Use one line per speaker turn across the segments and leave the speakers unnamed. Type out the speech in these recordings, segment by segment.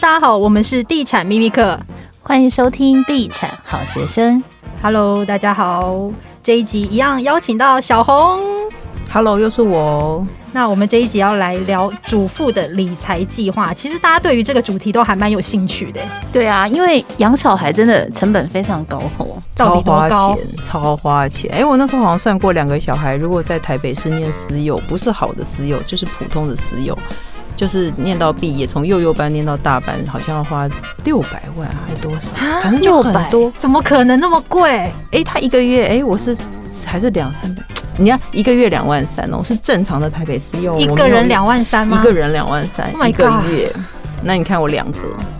大家好，我們是地產秘密客。歡迎收聽地產好學生。Hello，大家好，這一集一樣邀請到小紅。Hello，又是我。那我們這一集要來聊主婦的理財計劃。其實大家對於這個主題都還蠻有興趣的。對啊，因為養小孩真的成本非常高哦，到底多高？超花錢，
超花錢。哎、欸，我那時候好像算過，兩個小孩如果在台北是念私幼，不是好的私幼，就是普通的私幼。就是念到畢業，從幼幼班念到大班，好像要花六百萬、啊、還多少？啊、反
正就很多，怎麼可能那麼貴？哎、
欸，他一個月哎、欸，我是還是兩三百？你要一個月兩萬三哦、喔，我是正常的台北私幼。一個人兩萬三嗎？一個人兩萬三，oh、一個月。那你看我兩個。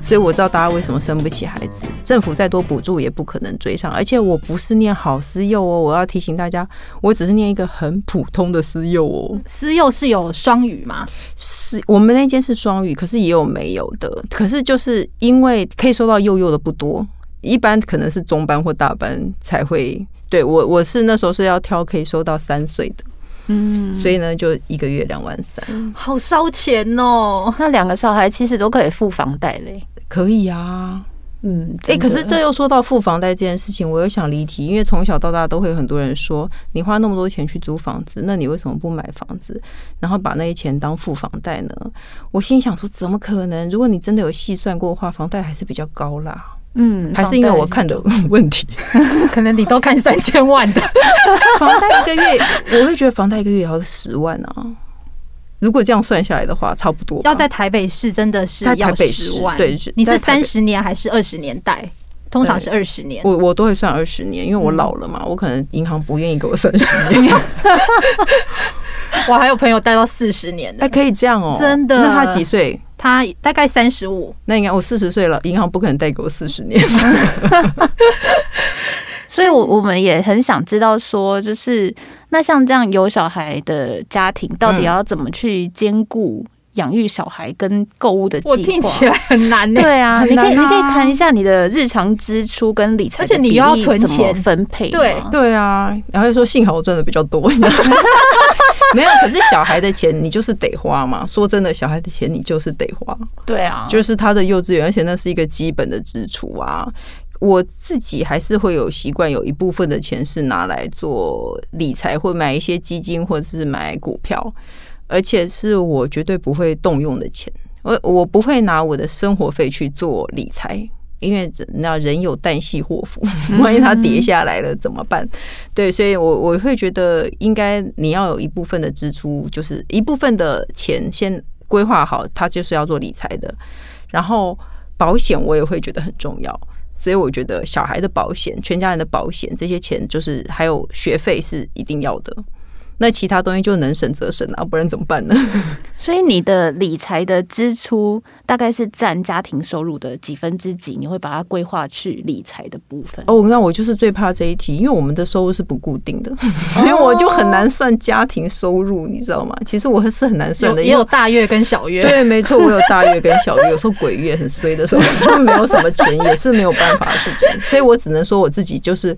所以我知道大家為什麼生不起孩子，政府再多補助也不可能追上。而且我不是念好私幼哦，我要提醒大家，我只是念一個很普通的私幼哦。
私幼是有雙語嗎？是，
我們那間是雙語，可是也有沒有的。可是就是因為可以收到幼幼的不多，一般可能是中班或大班才會。對我，我是那時候是要挑可以收到三歲的，嗯，所以呢，就一個月兩萬三，
嗯，好燒錢哦。那兩個小孩其實都可以付房貸嘞。
可以啊，嗯，誒、欸、可是這又說到付房貸這件事情，我又想離題，因為從小到大都會有很多人說，你花那麼多錢去租房子，那你為什麼不買房子，然後把那些錢當付房貸呢？我心想說，怎麼可能？如果你真的有細算過的話，房貸還是比較高啦。嗯，
還是因為我
看的問題，
可能你都看三千
萬的 房貸一個月，我會覺得房貸一個月也要十萬啊。如果這樣算下來的話，差不多要
在台北市真的是要十萬，在台北市，對，是你是三十年還是二十年貸？通常是二十年，我
我都會算二十年，因為我老了嘛，嗯、我可能銀行不願意給我三十年。
我還有朋友貸到四十年，
那、哎，可以這樣哦？喔，真的？那他幾歲？
他大概三十五，那應該
我四十歲了，銀行不可能貸給我四十年。
所以，我我們也很想知道，說就是那像這樣有小孩的家庭，到底要怎麼去兼顧養育小孩跟購屋的計劃？嗯？我聽起來很難，欸。對啊，啊你，你可以你可以談一下你的日常支出跟理財，而且你又要存錢分配。對對啊，
然後就說幸好我賺的比較多， 沒有。可是小孩的錢你就是得花嘛。說真的，小孩的錢你就是得花。對啊，就是他的幼稚園，而且那是一個基本的支出啊。我自己還是會有習慣，有一部分的錢是拿來做理財，或買一些基金，或者是買股票，而且是我絕對不會動用的錢我。我我不會拿我的生活費去做理財，因為那人有旦夕禍福，萬一它跌下來了怎麼辦？對，所以我，我我會覺得應該你要有一部分的支出，就是一部分的錢先規劃好，它就是要做理財的。然後保險我也會覺得很重要。所以我覺得小孩的保險，全家人的保險，這些錢就是還有學費是一定要的。那其他東西就能省則省啊，不
然怎麼辦呢？所以你的理財的支出大概是佔家庭收入的幾分之幾？你會把它規劃去理財的部分？
哦，那我就是最怕這一題，因為我們的收入是不固定的，哦、所以我就很難算家庭收入，你知道嗎？其實我是很難算的，有也有
大月跟小月。對，沒錯，我有大月跟小
月， 有時候鬼月很衰的時候，我就沒有什麼錢， 也是沒有辦法的事情。所以我只能說我自己就是。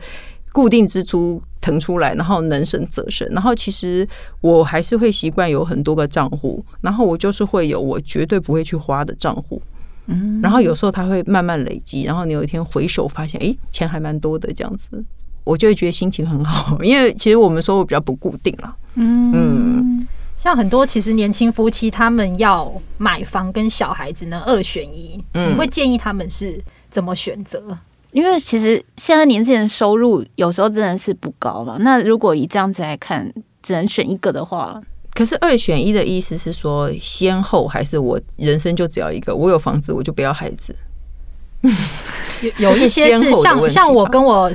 固定支出騰出來，然後能省則省。然後其實我還是會習慣有很多個賬戶，然後我就是會有我絕對不會去花的賬戶。嗯，然後有時候它會慢慢累積，然後你有一天回首發現，哎，錢還蠻多的這樣子，我就會覺得心情很好。因為其實我們收入比較不固定啦，嗯
嗯，嗯，像很多其實年輕夫妻他們要買房跟小孩子呢二選一，嗯，我會建議他們是怎麼選擇？因為其實現在年輕人收入有時候真的是不高嘛。那如果以這樣子來看，只能選一個的話，可是二
選一的意思是說先後，還是我人生就只要一個？我有房子，我就不要孩子。
有有一些是像是像我跟我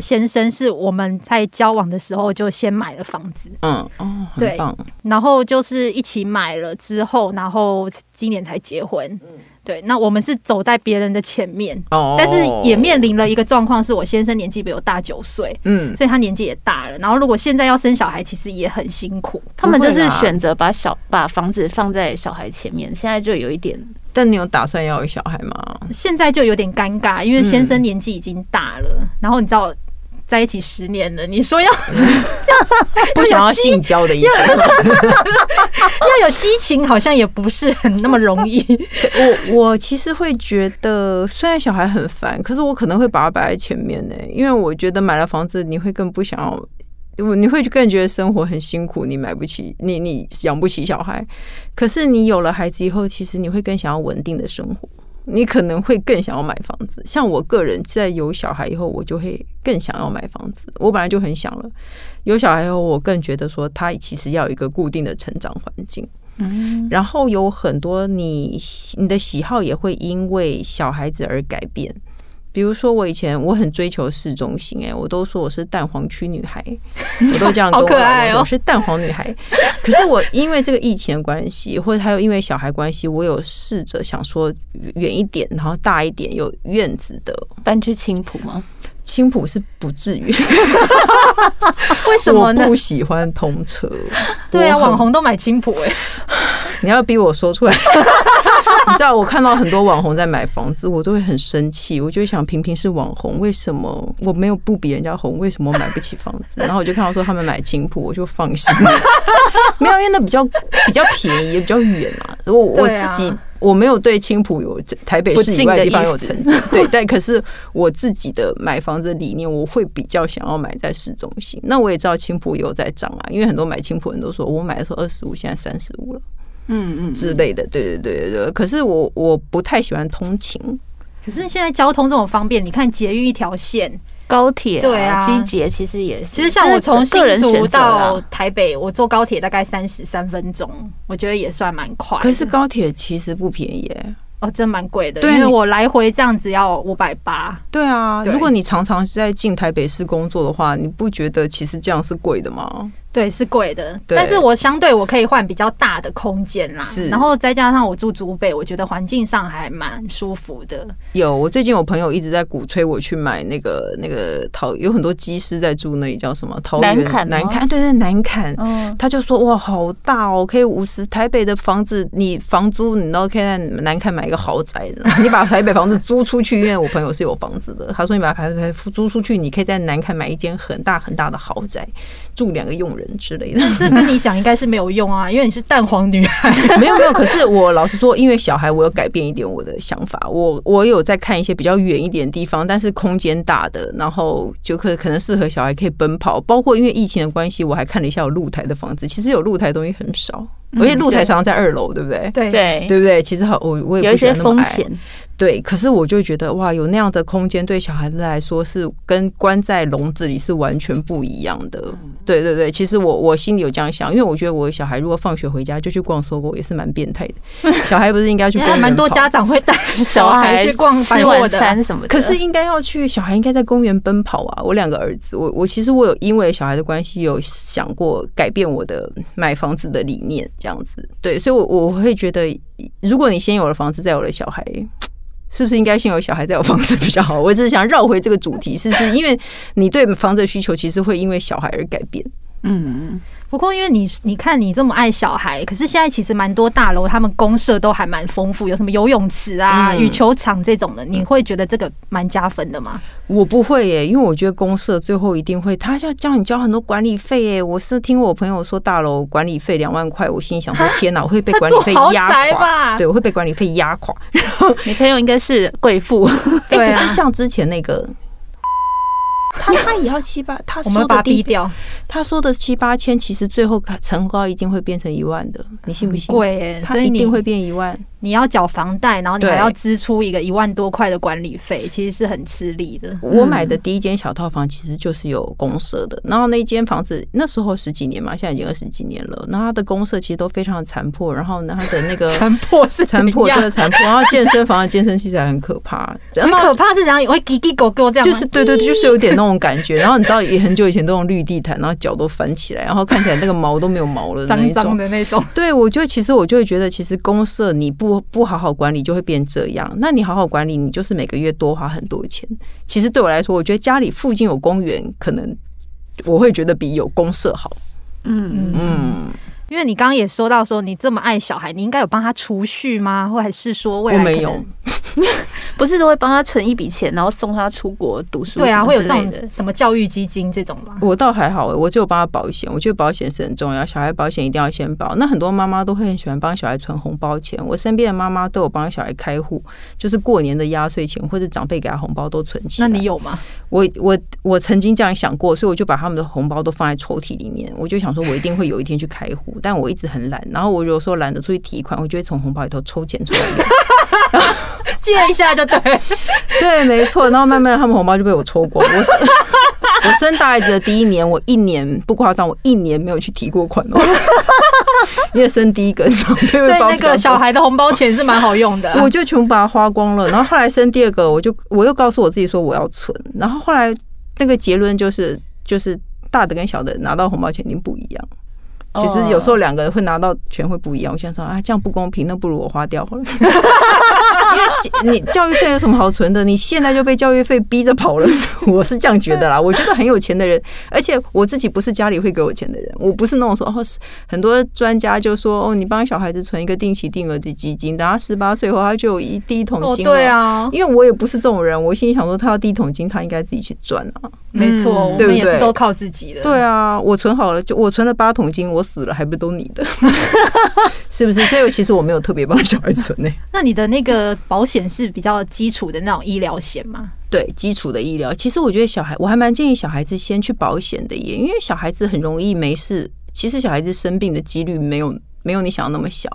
先生是我們在交往的時候就先買了房子，
嗯哦，對，然
後就是一起買了之後，然後今年才結婚，嗯。對，那我們是走在別人的前面，oh, 但是也面臨了一個狀況，是我先生年紀比我大九歲，嗯，所以他年紀也大了。然後如果現在要生小孩，其實也很辛苦。他們就是選擇把小把房子放在
小孩前面，現在就有一點。但你有打算要有小孩嗎？
現在就有點尷尬，因為先生年紀已經大了，嗯，然後你知道在一起十年了，你說要要 不想要性交的意思？ 要有激情，好像也不是很那麼容易 我。我我其實會覺
得，雖然小孩很煩，可是我可能會把它擺在前面呢、欸，因為我覺得買了房子，你會更不想要，我你會更覺得生活很辛苦，你買不起，你你養不起小孩。可是你有了孩子以後，其實你會更想要穩定的生活。你可能會更想要買房子，像我個人在有小孩以後，我就會更想要買房子。我本來就很想了，有小孩以後我更覺得說，他其實要有一個固定的成長環境。嗯，然後有很多你你的喜好也會因為小孩子而改變。比如說，我以前我很追求市中心，欸，哎，我都說我是蛋黃區女孩，我都這樣跟我老公說，我是蛋黃女孩。 可愛喔，可是我因為這個疫情關係，或者還有因為小孩關係，我有試着想說，遠一點，然後大一點有院子的，搬去青浦嗎？青浦是不至於，
為什麼呢？我不
喜歡通車。對啊，很網紅
都買青浦哎，
你要逼我說出來。 你知道我看到很多網紅在買房子，我都會很生氣。我就想，平平是網紅，為什麼我沒有不比人家紅？為什麼買不起房子？然後我就看到說他們買青埔，我就放心了。 沒有，因為那比較比較便宜，也比較遠嘛，啊。我，啊，我自己，我沒有對青埔，有台北市以外的地方有成見。 對，但可是我自己的買房子的理念，我會比較想要買在市中心。那我也知道青埔也有在漲啊，因為很多買青埔人都說我買的時候二十五，現在三十五了。嗯嗯之類的，對對對對。可是我我不太喜歡通勤，
可是現在交通這麼方便，你看捷運一條線，高鐵、啊、對啊，機捷其實也是。其實像我從新竹到台北，啊、我坐高鐵大概三十三分鐘，我覺得也算蠻快。可是
高鐵其實不便宜、欸，
哦，真蠻貴的。對因為我來回這樣子要五百八。對啊，對如
果你常常在進台北市工作的話，你不覺得其實這樣是貴的嗎？
對，是貴的，對但是我相對我可以換比較大的空間啦。是，然後再加上我住竹北，我覺得環境上還蠻舒服的。
有，我最近我朋友一直在鼓吹我去買那個那個桃，有很多機師在住那裡，叫什麼桃園南崁？南崁，對對，對南崁。嗯、哦。他就說哇，好大哦，可以五十台北的房子，你房租，你都可以在南崁買一個豪宅 你把台北房子租出去，因為我朋友是有房子的，他說你把台北租出去，你可以在南崁買一間很大很大的豪宅。住兩個傭人之類的，這
跟你講應該是沒有用啊，因為你是蛋黃女孩。沒有沒有，可是
我老實說，因為小孩，我有改變一點我的想法。我我有在看一些比較遠一點的地方，但是空間大的，然後就可可能適合小孩可以奔跑。包括因為疫情的關係，我還看了一下有露台的房子。其實有露台的東西很少。
而且露台常常在
二樓，對不、嗯、對？對對，不對？其實好我我也不想那麼矮。對，可是我就覺得哇，有那樣的空間，對小孩子來說是跟關在籠子裡是完全不一樣的。對對對，其實我我心裡有這樣想，因為我覺得我小孩如果放學回家就去逛 SOGO，也是蠻變態的。小孩不是應該去？逛 蠻多家
長會帶小孩去逛 吃晚餐什麼的、的。可是應
該要去，小孩應該在公園奔跑啊！我兩個兒子，我我其實我有因為小孩的關係，有想過改變我的買房子的理念。這樣子，對，所以我，我我會覺得，如果你先有了房子，再有了小孩，是不是應該先有小孩，再有房子比較好？我只是想繞回這個主題，是不是因為你對房子的需求其實會因為小孩而改變？
嗯嗯，不過因為你你看你這麼愛小孩，可是現在其實蠻多大樓他們公設都還蠻豐富，有什麼游泳池啊、嗯、羽球場這種的，你會覺得這個蠻加分的嗎？
我不會耶，因為我覺得公設最後一定會他要叫你交很多管理費耶。我是聽我朋友說大樓管理費兩萬塊，我心想說天哪，我會被管理費壓垮，吧。對，我會被管理費壓垮。
你朋友應該是貴婦， 欸、對、啊、可
是像之前那個。
那他他也要七八，他說的
他說的七八千，其實最後成交一定會變成一萬的，你信不信？嗯、對他一定會
變一萬。你要繳房貸，然後你還要支出一個一萬多塊的管理費，對其實是很吃力的。我買的
第一間小套房其實就是有公設的，嗯、然後那一間房子那時候十幾年嘛，現在已經二十幾年了。那它的公設其實都非常的殘破，然後呢，它的那個殘破，破是殘破，真的殘破。然後健身房的健身器材很可怕，很可
怕是這樣，也會給給狗狗這樣。就是
對對，就是有點那種感覺。 然後你知道，也很久以前都用綠地毯，然後腳都翻起來，然後看起來那個毛都沒有毛了，髒髒的那種。對，我就其實我就會覺得，其實公設你不。不不好好管理就會變這樣。那你好好管理，你就是每個月多花很多錢。其實對我來說，我覺得家裡附近有公園，可能我會覺得比有公設好。嗯嗯嗯。嗯
因為你剛剛也說到說，你這麼愛小孩，你應該有幫他儲蓄嗎？或者是說，我沒有。 不是都會幫他存一筆錢，然後送他出國讀書？對啊，會有這種什麼教育基金這種
嗎？我倒還好，我只有幫他保險。我覺得保險是很重要，小孩保險一定要先保。那很多媽媽都會很喜歡幫小孩存紅包錢。我身邊的媽媽都有幫小孩開戶，就是過年的壓歲錢或者長輩給他紅包都存起。那你有嗎？我我我曾經這樣想過，所以我就把他們的紅包都放在抽屜裡面。我就想說我一定會有一天去開戶， 但我一直很懶。然後我如果說懶得出去提款，我就會從紅包裡頭抽錢出來然後
借一下就。對對，
沒錯。然後慢慢他們紅包就被我抽光。我是
我生大
孩子的第一年，我一年不誇張，我一年沒有去提過款。因為生第一個，所以那個小
孩的紅包錢是蠻好用的啊。我就
全部把它花光了。然後後來生第二個，我就我又告訴我自己說我要存。然後後來那個結論就是，就是大的跟小的拿到紅包錢已經不一樣。其實有時候兩個人會拿到錢會不一樣。我想說啊，這樣不公平，那不如我花掉好了。 因為你教育費有什麼好存的？你現在就被教育費逼着跑了。我是這樣覺得啦。我覺得很有錢的人，而且我自己不是家裡會給我錢的人。我不是那種說哦，很多專家就說哦，你幫小孩子存一個定期定額的基金，等他十八歲後他就有一第一桶金了。哦、對啊，因為我也不是這種人，我心裡想說他要第一桶金，他應該自己去賺啊。沒錯，對不對？都
靠自己的。對啊，
我存好了，就我存了八桶金，我。死了還不都你的， 是不是？所以其實我沒有特別幫小孩存呢。欸。
那你的那個保險是比較基礎的那種醫療險嗎？
對，基礎的醫療。其實我覺得小孩，我還蠻建議小孩子先去保險的耶，因為小孩子很容易沒事。其實小孩子生病的幾率沒有沒有你想的那麼小。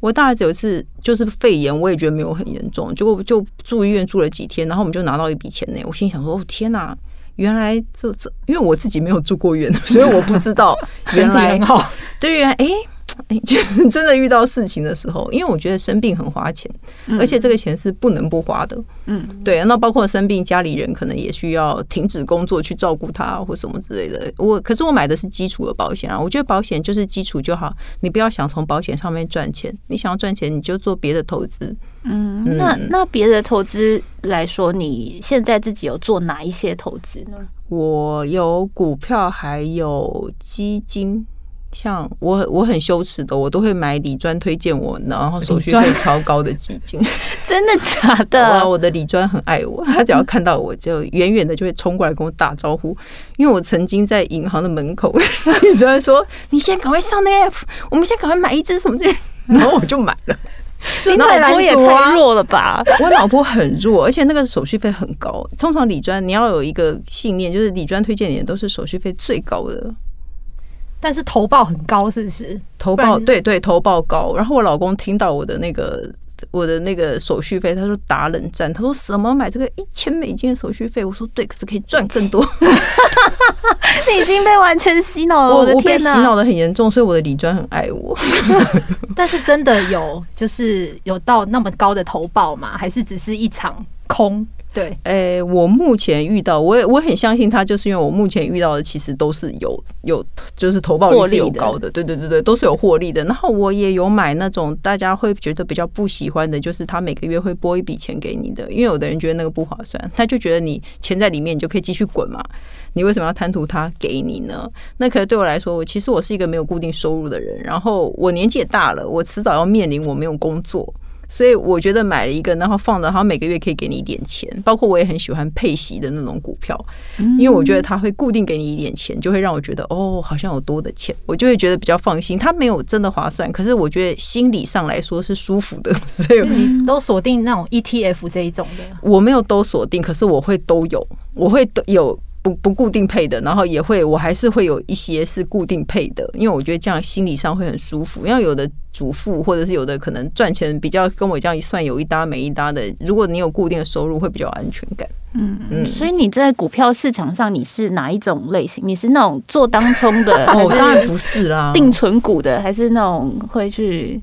我大兒子有一次就是肺炎，我也覺得沒有很嚴重，結果就住醫院住了幾天，然後我們就拿到一筆錢呢。我心想說，哦天哪，啊！原來就這，因為我自己沒有住過院，所以我不知道。原來， 很對呀，哎、欸。欸，就是真的遇到事情的時候，因為我覺得生病很花錢，嗯，而且這個錢是不能不花的。嗯，對，那包括生病，家裡人可能也需要停止工作去照顧他或什麼之類的。我，可是我買的是基礎的保險啊，我覺得保險就是基礎就好，你不要想從保險上面賺錢，你想要賺錢你就做別的投資。
嗯，嗯，那那
別的投資
來說，你現在自己有做哪一些投資呢？
我有股票，還有基金。像我我，很羞恥的，我都會買理專推薦我，然後手續費超高的基金。
真的假的？哇，我
的理專很愛我，他只要看到我就遠遠的就會衝過來跟我打招呼。因為我曾經在銀行的門口，理專說 你先趕快上那個 APP，我們現在趕快買一支
什麼這 然後我
就買了。你 老婆也太弱
了吧？我
老婆很弱，而且那個手續費很高。通常理專你要有一個信念，就是理專推薦你的都是手續費最高的。
但是投報很高，是不是？
投報對對，投報高。然後我老公聽到我的那個我的那個手續費，他說打冷戰，他說什麼買這個一千美金的手續費？我說對，可是可以賺更多。 你
已經被完全洗腦了，我的天、啊、我被洗腦的很
嚴重，所以我的理專很愛我 。
但是真的有就是有到那麼高的投報嗎？還是只是一場
空？對，誒、欸，我目前遇到我，我很相信他，就是因為我目前遇到的其實都是有有，就是投報率是有高的，對利對對對，都是有獲利的。然後我也有買那種大家會覺得比較不喜歡的，就是他每個月會撥一筆錢給你的，因為有的人覺得那個不划算，他就覺得你錢在裡面，你就可以繼續滾嘛，你為什麼要貪圖他給你呢？那可是對我來說，我其實我是一個沒有固定收入的人，然後我年紀也大了，我遲早要面臨我沒有工作。所以我覺得買了一個，然後放着，然後每個月可以給你一點錢，包括我也很喜歡配息的那種股票，因為我覺得它會固定給你一點錢，就會讓我覺得哦，好像有多的錢，我就會覺得比較放心。它沒有真的划算，可是我覺得心理上來說是舒服的。所以
你都鎖定那種 ETF 這一種的？
我沒有都鎖定，可是我會都有，我會都有。不固定配的，然後也會，我還是會有一些是固定配的，因為我覺得這樣心理上會很舒服。因為有的主婦或者是有的可能賺錢比較跟我這樣一算有一搭沒一搭的，如果你有固定的收入，會比較有安全感。嗯嗯，嗯，所
以你在股票市場上你是哪一種類型？你是那種做當沖的？哦，當然不
是啦，定
存股的，還是那種會
去。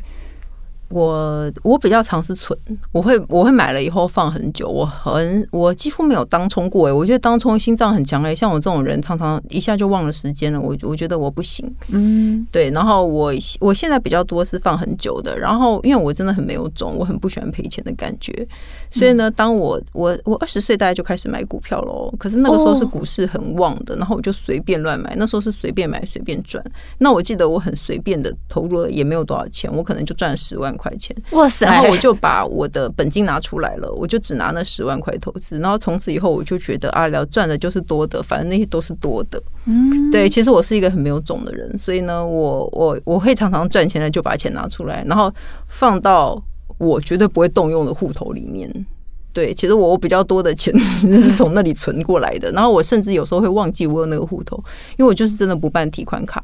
我我比較常是存，我會我會買了以後放很久，我很我幾乎沒有當沖過哎、欸，我覺得當沖心臟很強哎、欸，像我這種人常常一下就忘了時間了，我我覺得我不行，嗯，對，然後我我現在比較多是放很久的，然後因為我真的很沒有種，我很不喜歡賠錢的感覺，所以呢，嗯、當我我我二十歲大概就開始買股票嘍，可是那個時候是股市很旺的，然後我就隨便亂買，哦、那時候是隨便買隨便賺，那我記得我很隨便的投入了也沒有多少錢，我可能就賺十萬塊塊錢，然後我就把我的本金拿出來了，我就只拿那十萬塊投資，然後從此以後我就覺得啊，聊賺的就是多的，反正那些都是多的。嗯，對，其實我是一個很沒有種的人，所以呢，我我我會常常賺錢的就把錢拿出來，然後放到我絕對不會動用的戶頭裡面。對，其實我我比較多的錢是從那裡存過來的，嗯、然後我甚至有時候會忘記我有那個戶頭，因為我就是真的不辦提款卡。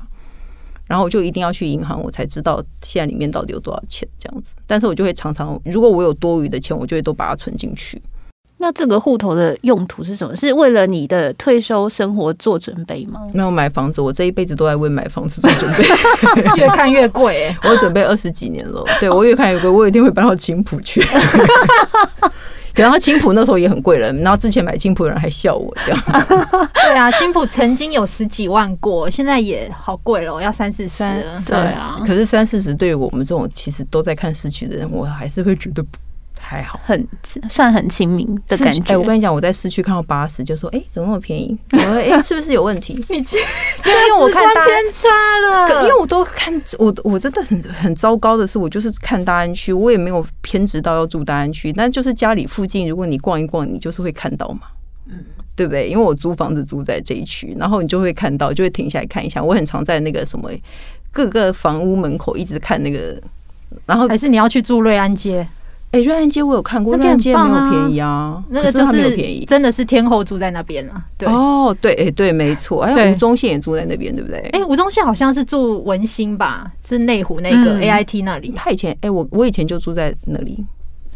然後我就一定要去銀行，我才知道現在裡面到底有多少錢這樣子。但是我就會常常，如果我有多餘的錢，我就會都把它存進去。
那這個戶頭的用途是什麼？是為了你的退休生活做準備
嗎？沒有，買房子，我這一輩子都在為買房子做準備，
越看越貴欸。
我準備二十幾年了， 對，我越看越貴，我一定會搬到青埔去。 然後青埔那時候也很貴了，然後之前買青埔的人還笑我這樣。
對啊，青埔曾經有十幾萬過，現在也好貴了，要三四十。對，對啊，可
是三四十對於我們這種其實都在看市區的人，我還是會覺得。還好，
很算很親民的感覺。哎、欸，我跟
你講，我在市區看到巴士就說，哎、欸，怎麼那麼便宜？
我說，哎、欸，是不是有問題？ 你這就，因為我看大偏差了，因為我
都看我我真的很很糟糕的是，我就是看大安區，我也沒有偏執到要住大安區，但就是家裡附近，如果你逛一逛，你就是會看到嘛，嗯，對不對？因為我租房子租在這一區，然後你就會看到，就會停下來看一下。我很常在那個什麼，各個房屋門口一直看那個，然
後還是你要去住瑞安街。哎，瑞安、欸、街我有看過，瑞安、啊、街沒有便宜啊。
可是沒有便宜，
真的是天后住在那邊啊。對哦，
對，哎、欸，對，沒錯。哎對，吳宗憲也住在那邊，對不對？哎、
欸，吳宗憲好像是住文心吧，是內湖那個、嗯、A I
T 那裡。他以前，哎、欸，我我以前就住在那裡，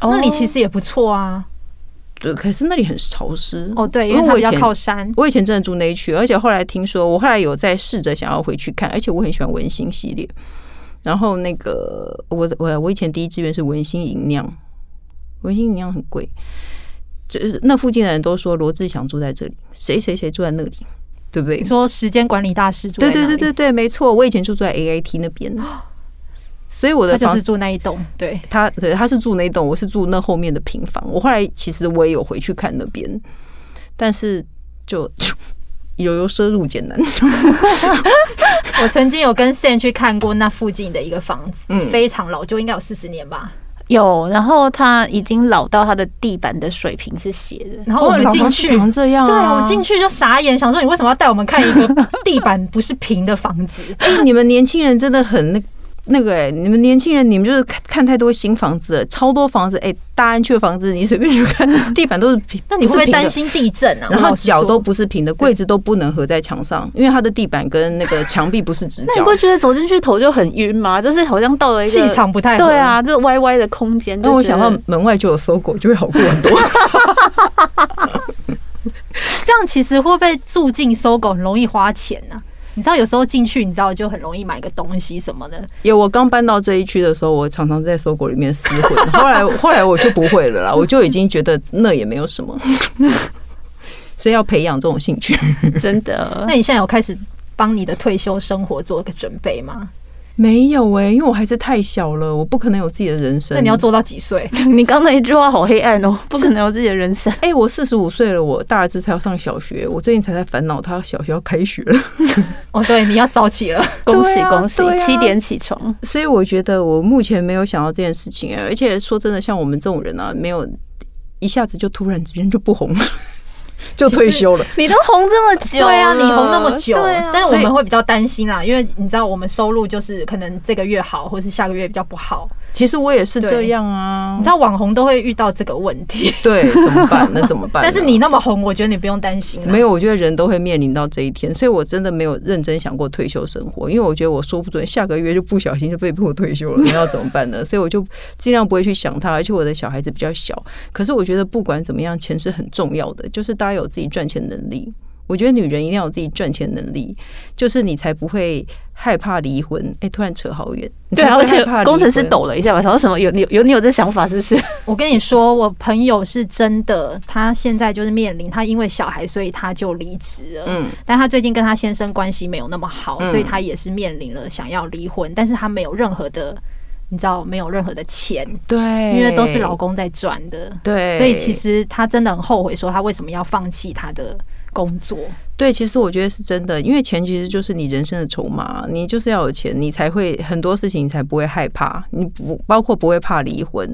那裡其實也不錯啊。
對，可是那裡很潮濕。哦，對，因為比較靠山我。我以前真的住那一區，而且後來聽說，我後來有在試着想要回去看，而且我很喜歡文心系列。然後那個，我我我以前第一志願是文心銀釀。文心一樣很貴，就是那附近的人都說羅志祥住在這裡，誰誰誰住在那裡，對不對？你說
時間管理大師住在哪裡？對
對對對對，沒錯，我以前就住在 A I T 那邊，哦、所以我的房他就是住
那一棟。對，
他對他是住那一棟，我是住那後面的平房。我後來其實我也有回去看那邊，但是就有有收入艱難。
我曾經有跟 San 去看過那附近的一個房子，嗯、非常老舊，就應該有四十年吧。有，然後他已經老到他的地板的水平是斜的，然後我們進去，哦，想這樣啊、對，我進去就傻眼，想說你為什麼要帶我們看一個地板不是平的房子？哎，你們年輕人真的很那個。那個哎、欸，你們年
輕人，你們就是看看太多新房子了，超多房子哎、欸，大安區的房子你隨便去看，地板都是平， 那你會不會擔心
地震啊？然後腳都
不是平的，櫃子都不能合在牆上，對 因為它的地板跟那個牆壁不是直角。 那你不
會覺得走進去頭就很暈嗎？就是好像到了一個氣場不太對啊，就歪歪的空間。那我想到
門外就有搜狗，就會好過很多。
這樣其實會不會住進搜狗很容易花錢呢、啊。你知道有時候進去，你知道就很容易買個東西什麼的。
因為我剛搬到這一區的時候，我常常在搜狗裡面廝混。 後來，後來我就不會了啦， 我就已經覺得那也沒有什麼。 所以要培養這種興趣， 真
的。 那你現在有開始幫你的退休生活做個準備嗎？
沒有哎、欸，因為我還是太小了，我不可能有自己的人生。那你要做
到幾歲？你剛剛那一句話好黑暗哦、喔，不可能有自己
的人生。哎、欸，我四十五歲了，我大兒子才要上小學，我最近才在煩惱他小學要開學了。 哦，對，你要早起了， 恭喜恭喜，啊啊、七點起床。所以我覺得我目前沒有想到這件事情，而且說真的，像我們這種人呢、啊，沒有一下子就突然之間就不紅，就退休了。你
都紅這麼久，對啊，你紅那麼久，啊、但是我們會比較擔心啦，因為你知道我們收入就是可能這個月好，或是下個月比較不好。
其實我也是這樣
啊，你知道網紅都會遇到這個問題，對，怎麼辦呢？那怎麼辦？ 但是你那麼紅，我覺得你不用擔心。沒
有，我覺得人都會面臨到這一天，所以我真的沒有認真想過退休生活，因為我覺得我說不准下個月就不小心就被迫退休了，你要怎麼辦呢？ 所以我就盡量不會去想他。而且我的小孩子比較小。可是我覺得不管怎麼樣，錢是很重要的，就是大家有自己賺錢能力。我覺得女人一定要有自己賺錢能力，就是你才不會害怕離婚。哎、欸，突然扯好遠。會害怕離婚，對、啊，而且工程師
抖了一下，我想到什麼？有你有你有，你有這想法是不是？ 我跟你說，我朋友是真的，她現在就是面臨，她因為小孩，所以她就離職了。嗯、但她最近跟她先生關係沒有那麼好，嗯、所以她也是面臨了想要離婚，嗯、但是她沒有任何的，你知道，沒有任何的錢。對，因為都是老公在賺的。對，所以其實她真的很後悔，說她為什麼要放棄她的。工作，
對，其實我覺得是真的，因為錢其實就是你人生的籌碼，你就是要有錢，你才會很多事情，你才不會害怕，你不包括不會怕離婚，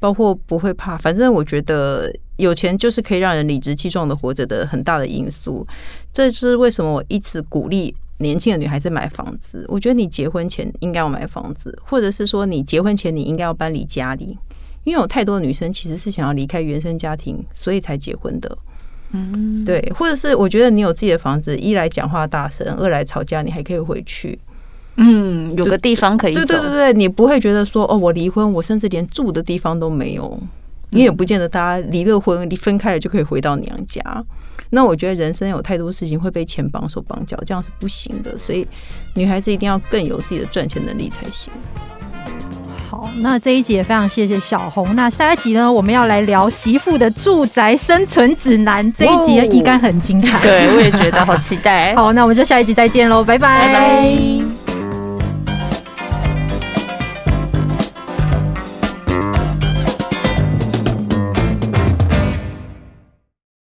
包括不會怕，反正我覺得有錢就是可以讓人理直氣壯的活着的很大的因素。這是為什麼我一直鼓勵年輕的女孩子買房子，我覺得你結婚前應該要買房子，或者是說你結婚前你應該要搬離家裡，因為有太多女生其實是想要離開原生家庭，所以才結婚的。嗯， 對，或者是我覺得你有自己的房子，一來講話大聲，二來吵架，你還可以回去，
嗯，有個
地方可以走，對對對對，你不會覺得說哦，我離婚，我甚至連住的地方都沒有，你也不見得大家離了婚離分開了就可以回到娘家，嗯、那我覺得人生有太多事情會被錢綁手綁腳，
這樣是不行的，所以女孩子一定要更有自己的賺錢能力才行。好，那這一集也非常謝謝小紅。那下一集呢，我們要來聊《媳婦的住宅生存指南》哦，這一集應該很精彩，對我也覺得好期待。 好，那我們就下一集再見嘍，拜拜。Bye bye. Bye bye.